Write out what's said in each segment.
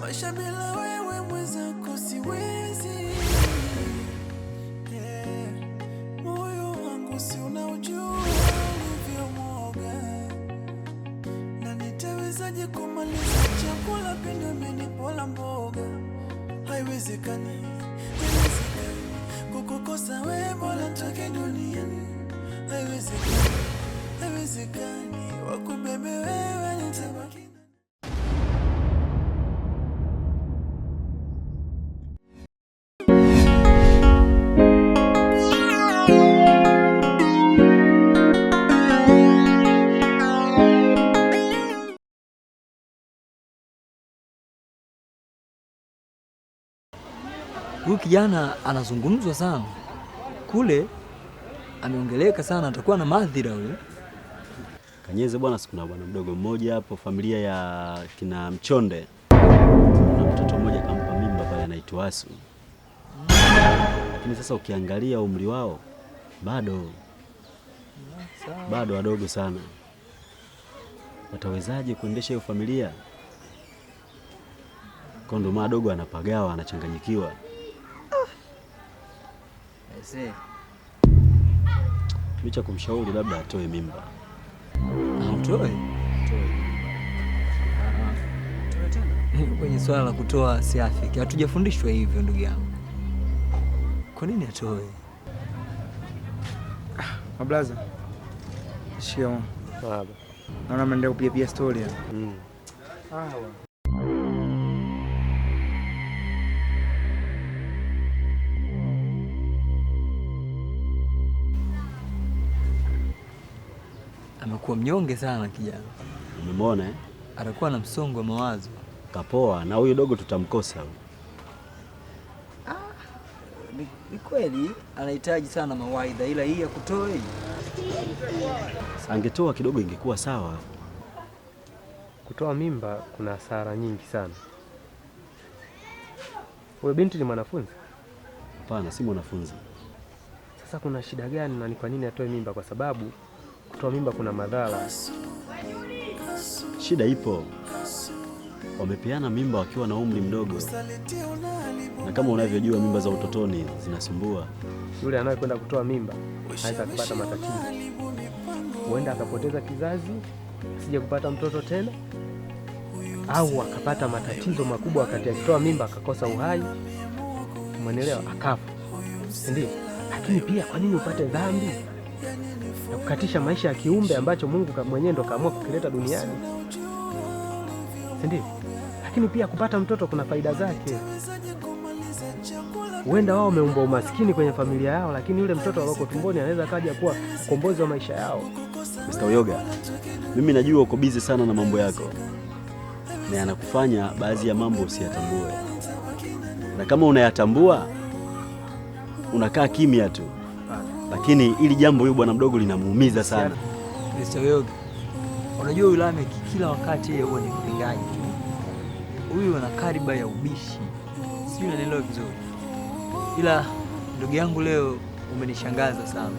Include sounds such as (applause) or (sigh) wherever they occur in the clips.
Maisha bila wewe mwenzako siwezi, moyo wangu si unaujua ulivyomwoga, na nitawezaje kumaliza chakula pendo amenipola mboga? Haiwezekani, haiwezekani kukukosa wewe, bora nitoke duniani. Haiwezekani, haiwezekani wakubebe wewe Huyu kijana anazungumzwa sana kule, ameongeleka sana, atakuwa na madhira huyo. Kanyeze bwana, sikuna bwana mdogo mmoja hapo, familia ya kina Mchonde, na mtoto mmoja kampa mimba pale, anaitwa Asu. Lakini sasa ukiangalia umri wao bado bado wadogo sana, watawezaje kuendesha hiyo familia? Kondo madogo anapagawa, anachanganyikiwa mzee. Licha kumshauri labda atoe mimba. Atoe? Ah, ah, kwenye swala la kutoa siafiki hatujafundishwa hivyo, ndugu yangu. Kwa nini atoe? Ah, mablaza, shikamoo. Naona mnaenda kupiga pia story. amekuwa mnyonge sana kijana. Umemwona eh? Atakuwa na msongo wa mawazo. Kapoa na huyu dogo tutamkosa. Ah, ni kweli anahitaji sana mawaidha, ila hii ya kutoa angetoa kidogo ingekuwa sawa. Kutoa mimba kuna hasara nyingi sana. Wewe binti ni mwanafunzi? Hapana, si mwanafunzi. Sasa kuna shida gani na ni kwa nini atoe mimba? Kwa sababu kutoa mimba kuna madhara. Shida ipo, wamepeana mimba wakiwa na umri mdogo, na kama unavyojua mimba za utotoni zinasumbua. Yule anayekwenda kutoa mimba haweza kupata matatizo, huenda akapoteza kizazi, asije kupata mtoto tena, au akapata matatizo makubwa wakati akitoa mimba, akakosa uhai, umeelewa? Akafa, ndio. Lakini pia kwa nini upate dhambi? na kukatisha maisha ya kiumbe ambacho Mungu mwenyewe ndo kaamua kukileta duniani, sindio Lakini pia kupata mtoto kuna faida zake. Huenda wao wameumba umaskini kwenye familia yao, lakini yule mtoto aliyoko tumboni anaweza kaja kuwa ukombozi wa maisha yao. Mr. Uyoga, mimi najua uko bizi sana na mambo yako na yanakufanya baadhi ya mambo usiyatambue, na kama unayatambua unakaa kimya tu lakini ili jambo hilo bwana mdogo linamuumiza sana. Mr. Yogi, unajua yule kila wakati yeye huwa ni mpingaji tu, huyu ana kariba ya ubishi, si unanielewa vizuri, ila ndugu yangu leo umenishangaza sana,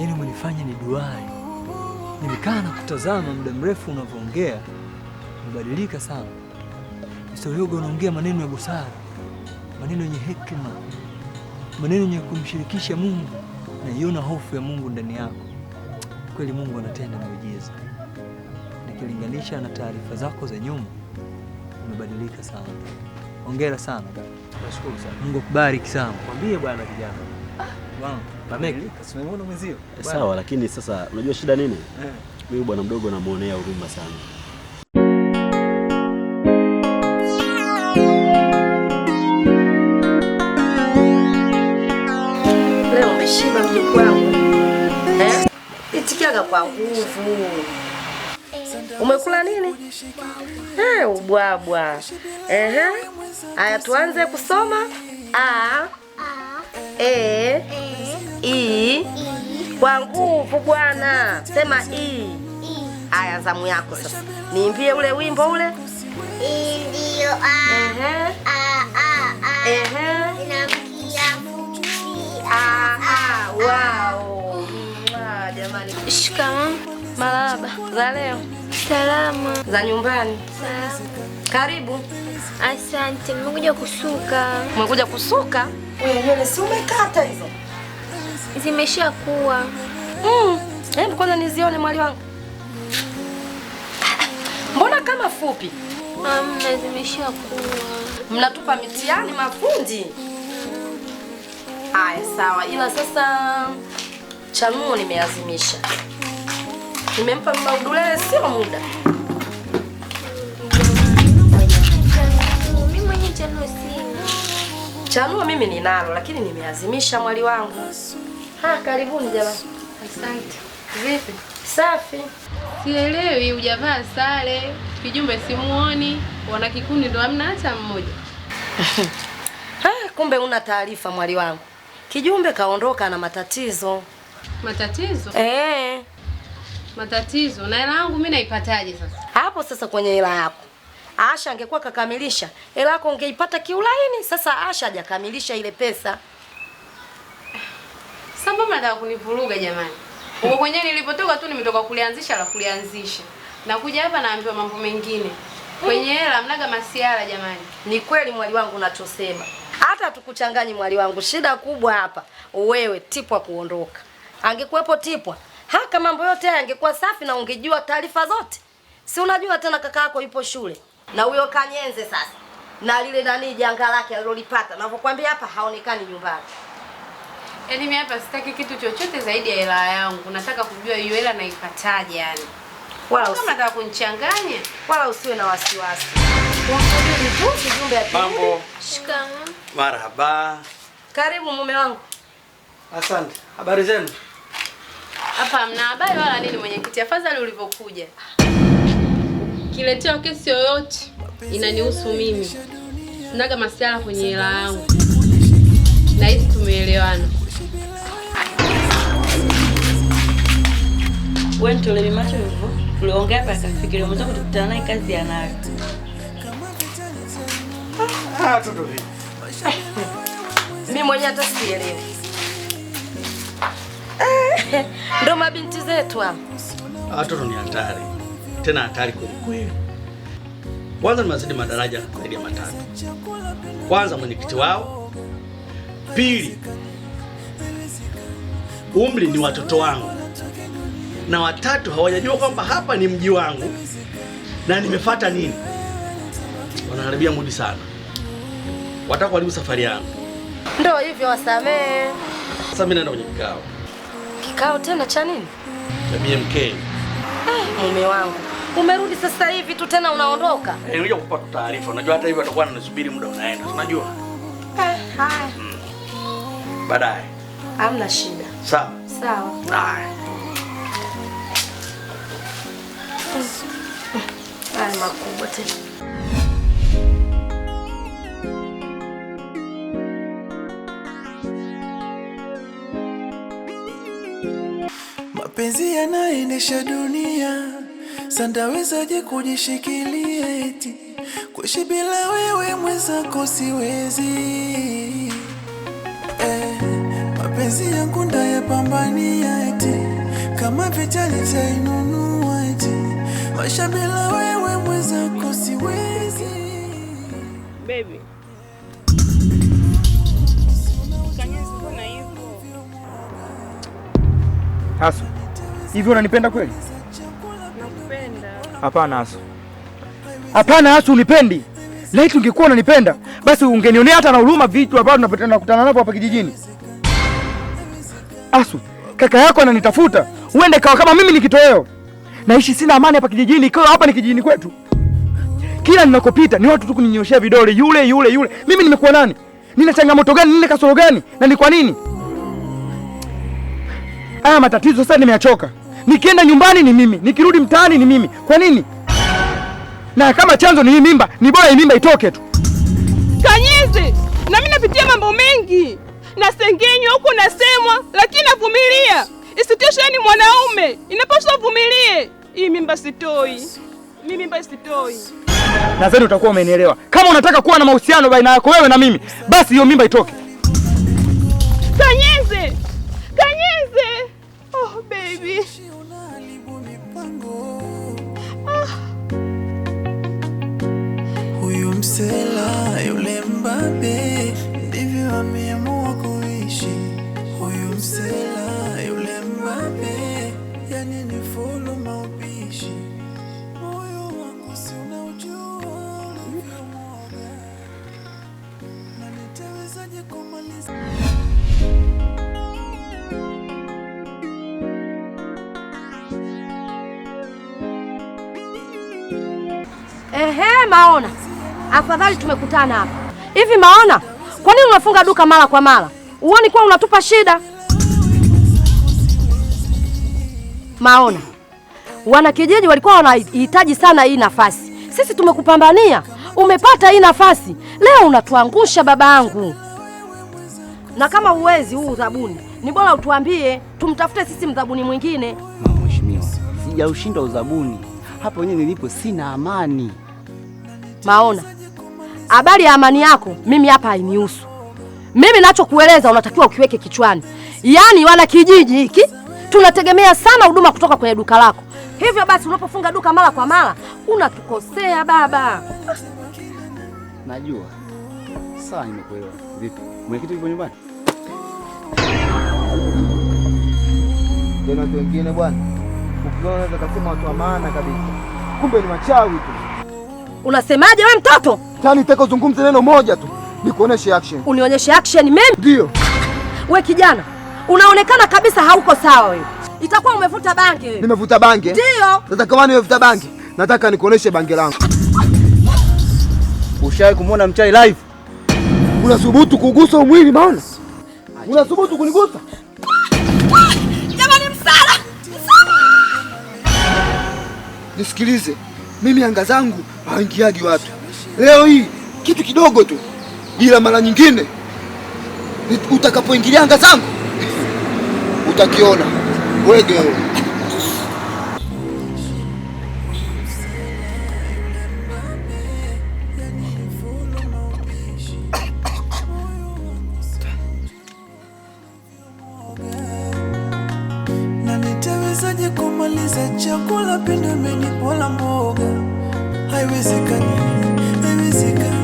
yaani umenifanya ni duai. Nimekaa na kutazama muda mrefu unavyoongea, umebadilika sana Mr. Yogi, unaongea maneno ya busara, maneno yenye hekima, maneno yenye kumshirikisha Mungu naiona hofu ya Mungu ndani yako, kweli Mungu anatenda miujiza. Nikilinganisha na taarifa zako za nyuma, umebadilika sana. Hongera sana kaka. Nashukuru sana. Mungu akubariki sana. Mwambie bwana kijana. Ah. Sawa, lakini sasa unajua shida nini? Eh. Mimi bwana mdogo namuonea huruma sana. heshima mjukuu wangu eh? Itikiaga kwa nguvu. Umekula nini? Eh, ubwabwa. Ehe. Aya, tuanze kusoma a e i kwa nguvu bwana, sema i. Aya, zamu yako sasa, niimbie ule wimbo ule. Ehe. baba. Za leo? Salama. Za nyumbani? Salama. Karibu. Asante. Mmekuja kusuka? Mmekuja kusuka? Wewe nywele si umekata hizo? Zimeshakuwa. Mm. Hebu kwanza nizione mwali wangu. Mbona kama fupi? Mama, kuwa. Mnatupa mitihani mafundi? Haya, sawa, ila sasa chanuo nimeazimisha. Nimempa maudulele sio muda. Chanua mimi ninalo lakini nimeazimisha mwali wangu. Ha, karibuni jamani. Asante. Vipi? Safi. Sielewi hujavaa sare, kijumbe simuoni, wana kikundi ndo hamna hata mmoja. (laughs) Ha, kumbe una taarifa mwali wangu. Kijumbe kaondoka na matatizo. Matatizo? Eh matatizo na hela yangu mimi naipataje sasa? Hapo sasa kwenye hela yako Asha angekuwa kakamilisha hela yako ungeipata kiulaini. Sasa Asha hajakamilisha ile pesa. Sasa nataka kunivuruga jamani, uko kwenye nilipotoka tu, nimetoka kulianzisha la kulianzisha, Na kuja hapa naambiwa mambo mengine kwenye hela mnaga masiara jamani. Ni kweli mwali wangu unachosema, hata tukuchanganyi mwali wangu. Shida kubwa hapa wewe, Tipwa kuondoka. Angekuwepo Tipwa Haka mambo yote haya yangekuwa safi na ungejua taarifa zote. Si unajua tena kaka yako yupo shule na huyo Kanyenze sasa na lile nani janga lake alilolipata, navyokwambia hapa haonekani nyumbani. Yaani mimi hapa sitaki kitu chochote zaidi ya hela yangu. Nataka kujua hiyo hela naipataje yani. Wala usi... kama nataka kunichanganya, wala usiwe na wasiwasi. Unasubiri tu jumbe ya Mambo. Shikamoo. Marhaba. Karibu mume wangu. Asante. Habari zenu? Hapa mna habari wala nini, mwenyekiti? Afadhali ulivyokuja. Kiletea kesi yoyote inanihusu mimi, sinaga masiala kwenye hela yangu, na hizi tumeelewana. Wewe nitoleni macho hivyo, tuliongea hapa akafikiria mwanzo kutukutana naye kazi anayo. Ah, ah mimi mwenyewe hata sielewi. (laughs) ndo mabinti zetu hao. Ah, watoto ni hatari, tena hatari kweli kweli. Kwanza nimezidi madaraja zaidi ya matatu. Kwanza mwenyekiti wao, pili umri ni watoto wangu, na watatu hawajajua kwamba hapa ni mji wangu na nimefuata nini. Wanaharibia mudi sana, wataka kuharibu safari yangu. Ndio hivyo, wasamee. Sasa mimi naenda kwenye kikao. Kikao tena cha nini? Cha BMK. Eh, mume wangu umerudi sasa hivi tu tena unaondoka? Eh, nilikuja kukupa taarifa. Unajua hata hivi atakuwa ananisubiri muda unaenda. Unajua? Eh, mm. Baadaye. Hamna shida. Sawa. Sawa. Haya. Haya makubwa tena. Mapenzi yanaendesha dunia, sandawezaje kujishikilia eti kuishi bila wewe mwenzako siwezi. Eh, mapenzi yangu ndayapambania eti kama vita nitainunua eti maisha bila wewe mwenzako siwezi. Baby. Hasu. Hivi unanipenda kweli? Nakupenda. Hapana Asu. Hapana Asu, unipendi. Laiti ungekuwa unanipenda basi ungenionea hata na huruma vitu ambavyo tunakutana navyo hapa kijijini. Asu, kaka yako ananitafuta. Uende kawa kama mimi ni kitoweo. Naishi sina amani hapa kijijini. kwa hapa ni kijijini kwetu. Kila ninakopita ni watu tu kuninyoshia vidole, yule yule yule. Mimi nimekuwa nani? Nina changamoto gani? Nina kasoro gani? Na ni kwa nini haya matatizo sasa? Nimeachoka nikienda nyumbani ni mimi, nikirudi mtaani ni mimi. Kwa nini? Na kama chanzo ni hii mimba, ni bora hii mimba itoke tu. Kanyizi, na mimi napitia mambo mengi, nasengenywa huko, nasemwa, lakini navumilia. Isitoshe ni mwanaume, inapaswa uvumilie. Hii mimba sitoi, mimi mimba sitoi. Nadhani utakuwa umenielewa. Kama unataka kuwa na mahusiano baina yako wewe na mimi, basi hiyo mimba itoke. Kanyizi. huyu Ah. Ehe, Maona, afadhali tumekutana hapa. Hivi Maona, kwa nini unafunga duka mara kwa mara? Uoni kuwa unatupa shida? Maona, wanakijiji walikuwa wanahitaji sana hii nafasi. Sisi tumekupambania, umepata hii nafasi, leo unatuangusha baba yangu. Na kama uwezi huu udhabuni, ni bora utuambie, tumtafute sisi mdhabuni mwingine. Mheshimiwa, sijaushindwa udhabuni hapa, wenyewe nilipo sina amani. Maona, habari ya amani yako mimi hapa hainihusu. Mimi nachokueleza unatakiwa ukiweke kichwani. Yaani wana kijiji hiki tunategemea sana huduma kutoka kwenye duka lako. Hivyo basi unapofunga duka mara kwa mara unatukosea baba. Najua. Sawa, nimekuelewa. Vipi? Mwenyekiti yuko nyumbani? Tena watu wengine bwana. Ukiona unaweza kusema watu wa maana kabisa. Kumbe ni machawi tu. Unasemaje we mtoto? Yaani teko zungumze neno moja tu nikuoneshe action. Unionyeshe action mimi? Ndio. We kijana, unaonekana kabisa hauko sawa wewe. Itakuwa umevuta bange wewe. Nimevuta bange? Ndio. Sasa kama nimevuta bange, nataka nikuoneshe bange langu. Ushawahi kumwona mchai live? Unathubutu kugusa mwili maana? Unathubutu kunigusa? Jamani msala. Nisikilize mimi anga zangu haingiagi watu. Leo hii kitu kidogo tu, ila mara nyingine utakapoingilia anga zangu (laughs) utakiona wege. na nitawezaje kumaliza chakula pindi umenipola mboga haiwezekani, haiwezekani.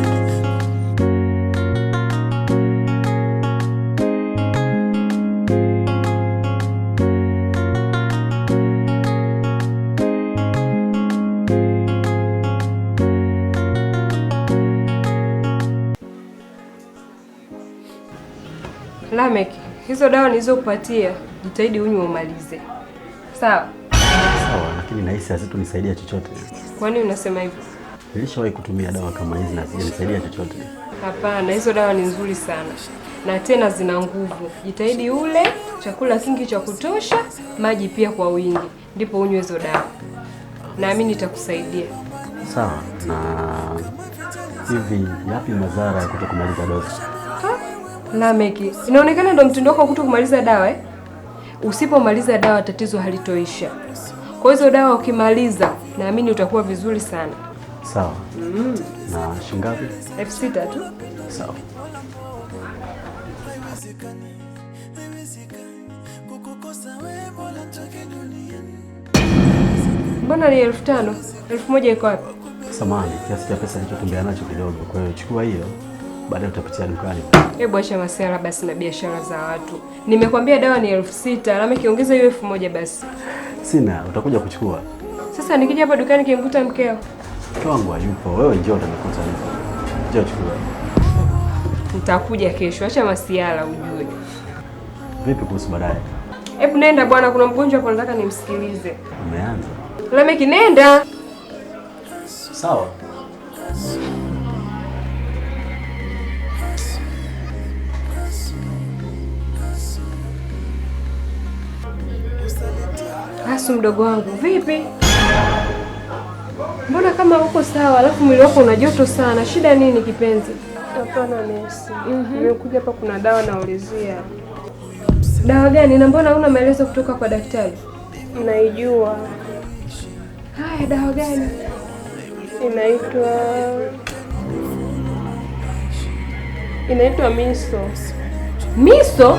hizo dawa nilizokupatia jitahidi unywe umalize, sawa? lakini nahisi hazitunisaidia chochote. Kwani unasema hivyo? Nilishawahi kutumia dawa kama hizi na hazijanisaidia chochote. Hapana, hizo dawa ni nzuri sana na tena zina nguvu. Jitahidi ule chakula kingi cha kutosha, maji pia kwa wingi, ndipo unywe hizo dawa. Naamini itakusaidia. Sawa. Na hivi yapi madhara ya kutokumaliza dozi? Lameki, inaonekana ndo mtindo wako kuto kumaliza dawa eh? Usipomaliza dawa tatizo halitoisha. Kwa hizo dawa ukimaliza, naamini utakuwa vizuri sana. Sawa. Mm. Na shingapi? elfu sita tu. Sawa. Mbona ni elfu tano? elfu moja iko wapi? Samani, kiasi cha pesa nilichotembea nacho kidogo, kwa hiyo chukua hiyo, baadaye utapitia dukani. Hebu acha masiara basi na biashara za watu. Nimekwambia dawa ni elfu sita, lama kiongeza hiyo elfu moja basi. Sina, utakuja kuchukua. Sasa nikija hapa dukani kimkuta mkeo mke wangu hayupo, wewe njoo utanikuta yupo. Njoo chukua. Nitakuja kesho, acha masiala ujue. Vipi kuhusu baadaye? Hebu nenda bwana, kuna mgonjwa hapo nataka nimsikilize. Umeanza. Lameki nenda. Sawa. kuhusu mdogo wangu. Vipi, mbona kama uko sawa, alafu mwili wako una joto sana, shida nini kipenzi? Hapana nesi, mhm. nimekuja hapa, kuna dawa naulizia. Dawa gani? Na mbona una maelezo kutoka kwa daktari? Naijua. Haya, dawa gani? Inaitwa inaitwa miso. Miso?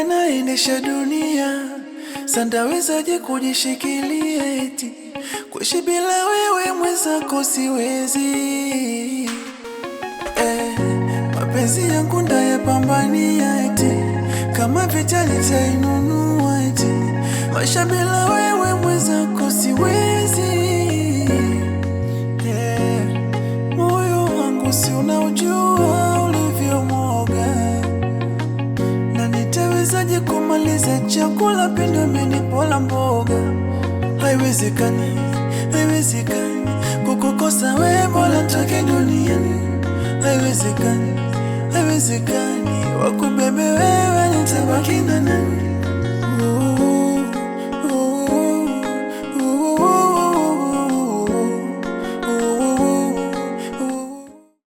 anaendesha dunia, sandawezaje kujishikilia eti kuishi bila wewe mwenzako siwezi. Eh, mapenzi yangu ndayapambania eti kama vita nitainunua eti maisha bila wewe mwenzako siwezi. Eh, moyo wangu si unaujua ulivyo Niulize chakula penda amenipola mboga, haiwezekani, haiwezekani kukukosa we Mola toke duniani, haiwezekani, haiwezekani wakubebe wewe nitabaki na nani? Oh.